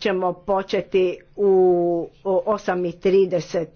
ćemo početi u 8.30.